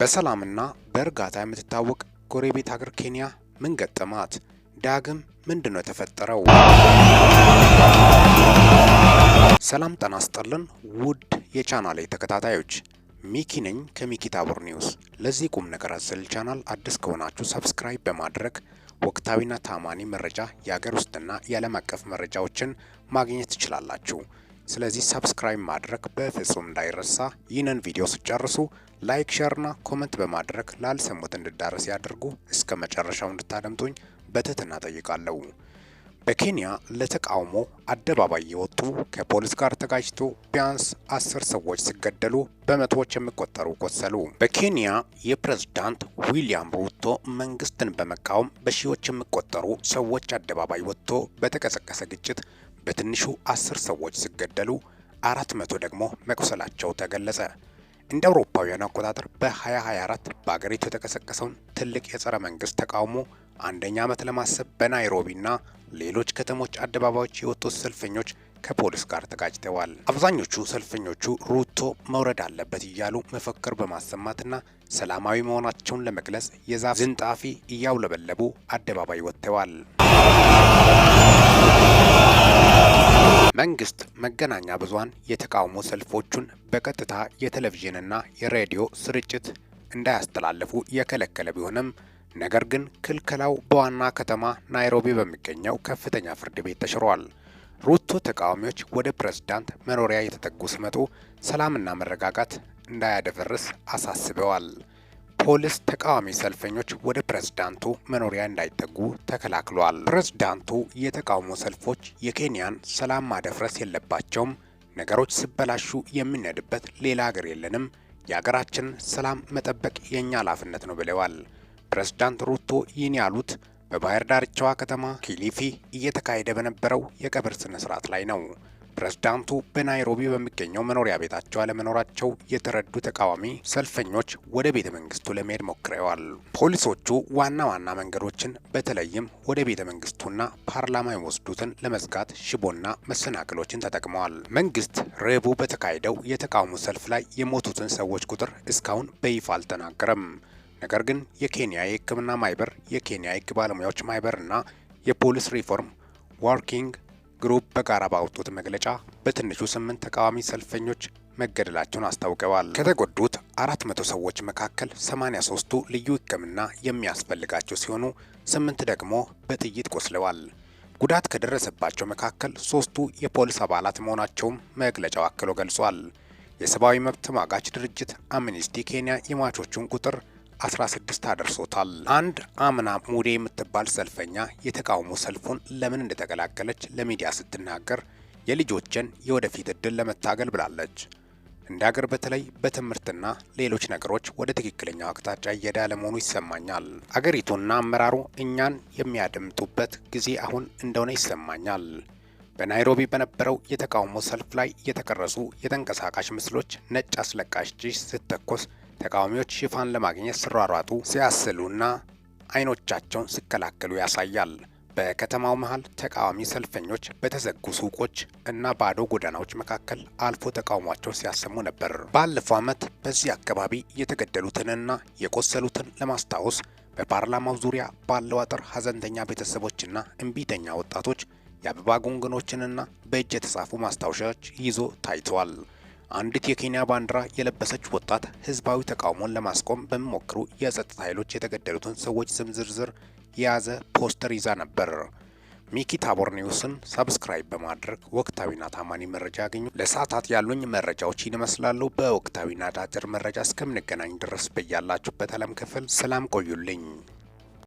በሰላምና በእርጋታ የምትታወቅ ጎረቤት ሀገር ኬንያ ምን ገጠማት? ዳግም ምንድን ነው የተፈጠረው? ሰላም ጤና ይስጥልን ውድ የቻናሌ ተከታታዮች ሚኪ ነኝ ከሚኪ ታቦር ኒውስ። ለዚህ ቁም ነገር አዘል ቻናል አዲስ ከሆናችሁ ሰብስክራይብ በማድረግ ወቅታዊና ታማኒ መረጃ የሀገር ውስጥና የዓለም አቀፍ መረጃዎችን ማግኘት ትችላላችሁ። ስለዚህ ሰብስክራይብ ማድረግ በፍጹም እንዳይረሳ። ይህንን ቪዲዮ ስጨርሱ ላይክ፣ ሼር ና ኮመንት በማድረግ ላልሰሙት እንድዳረስ ያድርጉ። እስከ መጨረሻው እንድታደምጡኝ በትህትና ጠይቃለሁ። በኬንያ ለተቃውሞ አደባባይ የወጡ ከፖሊስ ጋር ተጋጭቶ ቢያንስ አስር ሰዎች ሲገደሉ በመቶዎች የሚቆጠሩ ቆሰሉ። በኬንያ የፕሬዝዳንት ዊሊያም ሩቶ መንግስትን በመቃወም በሺዎች የሚቆጠሩ ሰዎች አደባባይ ወጥቶ በተቀሰቀሰ ግጭት በትንሹ አስር ሰዎች ሲገደሉ አራት መቶ ደግሞ መቁሰላቸው ተገለጸ። እንደ አውሮፓውያን አቆጣጠር በ2024 በአገሪቱ የተቀሰቀሰውን ትልቅ የጸረ መንግስት ተቃውሞ አንደኛ ዓመት ለማሰብ በናይሮቢና ሌሎች ከተሞች አደባባዮች የወጡት ሰልፈኞች ከፖሊስ ጋር ተጋጭተዋል። አብዛኞቹ ሰልፈኞቹ ሩቶ መውረድ አለበት እያሉ መፈክር በማሰማትና ሰላማዊ መሆናቸውን ለመግለጽ የዛፍ ዝንጣፊ እያውለበለቡ አደባባይ ወጥተዋል። መንግስት መገናኛ ብዙሃን የተቃውሞ ሰልፎቹን በቀጥታ የቴሌቪዥንና የሬዲዮ ስርጭት እንዳያስተላልፉ የከለከለ ቢሆንም ነገር ግን ክልከላው በዋና ከተማ ናይሮቢ በሚገኘው ከፍተኛ ፍርድ ቤት ተሽሯል። ሩቶ ተቃዋሚዎች ወደ ፕሬዝዳንት መኖሪያ የተጠጉ ሲመጡ ሰላምና መረጋጋት እንዳያደፈርስ አሳስበዋል። ፖሊስ ተቃዋሚ ሰልፈኞች ወደ ፕሬዝዳንቱ መኖሪያ እንዳይጠጉ ተከላክሏል። ፕሬዝዳንቱ የተቃውሞ ሰልፎች የኬንያን ሰላም ማደፍረስ የለባቸውም፣ ነገሮች ሲበላሹ የምንሄድበት ሌላ ሀገር የለንም፣ የሀገራችን ሰላም መጠበቅ የእኛ ኃላፊነት ነው ብለዋል። ፕሬዝዳንት ሩቶ ይህን ያሉት በባህር ዳርቻዋ ከተማ ኪሊፊ እየተካሄደ በነበረው የቀብር ስነ ስርዓት ላይ ነው። ፕሬዝዳንቱ በናይሮቢ በሚገኘው መኖሪያ ቤታቸው አለመኖራቸው የተረዱ ተቃዋሚ ሰልፈኞች ወደ ቤተ መንግስቱ ለመሄድ ሞክረዋል። ፖሊሶቹ ዋና ዋና መንገዶችን በተለይም ወደ ቤተ መንግስቱና ፓርላማ የሚወስዱትን ለመዝጋት ሽቦና መሰናክሎችን ተጠቅመዋል። መንግስት ረቡዕ በተካሄደው የተቃውሞ ሰልፍ ላይ የሞቱትን ሰዎች ቁጥር እስካሁን በይፋ አልተናገረም። ነገር ግን የኬንያ የሕክምና ማህበር፣ የኬንያ የህግ ባለሙያዎች ማህበር እና የፖሊስ ሪፎርም ዋርኪንግ ግሩፕ በጋራ ባወጡት መግለጫ በትንሹ ስምንት ተቃዋሚ ሰልፈኞች መገደላቸውን አስታውቀዋል። ከተጎዱት 400 ሰዎች መካከል 83ቱ ልዩ ሕክምና የሚያስፈልጋቸው ሲሆኑ ስምንት ደግሞ በጥይት ቆስለዋል። ጉዳት ከደረሰባቸው መካከል ሶስቱ የፖሊስ አባላት መሆናቸውም መግለጫው አክሎ ገልጿል። የሰብአዊ መብት ተሟጋች ድርጅት አምኒስቲ ኬንያ የሟቾቹን ቁጥር 16 አድርሶታል። አንድ አምና ሙዴ የምትባል ሰልፈኛ የተቃውሞ ሰልፉን ለምን እንደተቀላቀለች ለሚዲያ ስትናገር የልጆችን የወደፊት እድል ለመታገል ብላለች። እንደ ሀገር በተለይ በትምህርትና ሌሎች ነገሮች ወደ ትክክለኛው አቅጣጫ እየሄደ አለመሆኑ ይሰማኛል። አገሪቱና አመራሩ እኛን የሚያደምጡበት ጊዜ አሁን እንደሆነ ይሰማኛል። በናይሮቢ በነበረው የተቃውሞ ሰልፍ ላይ የተቀረጹ የተንቀሳቃሽ ምስሎች ነጭ አስለቃሽ ጭስ ስትተኮስ ተቃዋሚዎች ሽፋን ለማግኘት ሲሯሯጡ፣ ሲያስሉና አይኖቻቸውን ሲከላከሉ ያሳያል። በከተማው መሃል ተቃዋሚ ሰልፈኞች በተዘጉ ሱቆች እና ባዶ ጎዳናዎች መካከል አልፎ ተቃውሟቸው ሲያሰሙ ነበር። ባለፈው ዓመት በዚህ አካባቢ የተገደሉትንና የቆሰሉትን ለማስታወስ በፓርላማው ዙሪያ ባለው አጥር ሀዘንተኛ ቤተሰቦችና እምቢተኛ ወጣቶች የአበባ ጉንጉኖችንና በእጅ የተጻፉ ማስታወሻዎች ይዞ ታይተዋል። አንዲት የኬንያ ባንዲራ የለበሰች ወጣት ህዝባዊ ተቃውሞን ለማስቆም በሚሞክሩ የጸጥታ ኃይሎች የተገደሉትን ሰዎች ስም ዝርዝር የያዘ ፖስተር ይዛ ነበር። ሚኪ ታቦር ኒውስን ሰብስክራይብ በማድረግ ወቅታዊና ታማኒ መረጃ ያገኙ። ለሰዓታት ያሉኝ መረጃዎች ይመስላሉ። በወቅታዊና አጫጭር መረጃ እስከምንገናኝ ድረስ በያላችሁበት ዓለም ክፍል ሰላም ቆዩልኝ።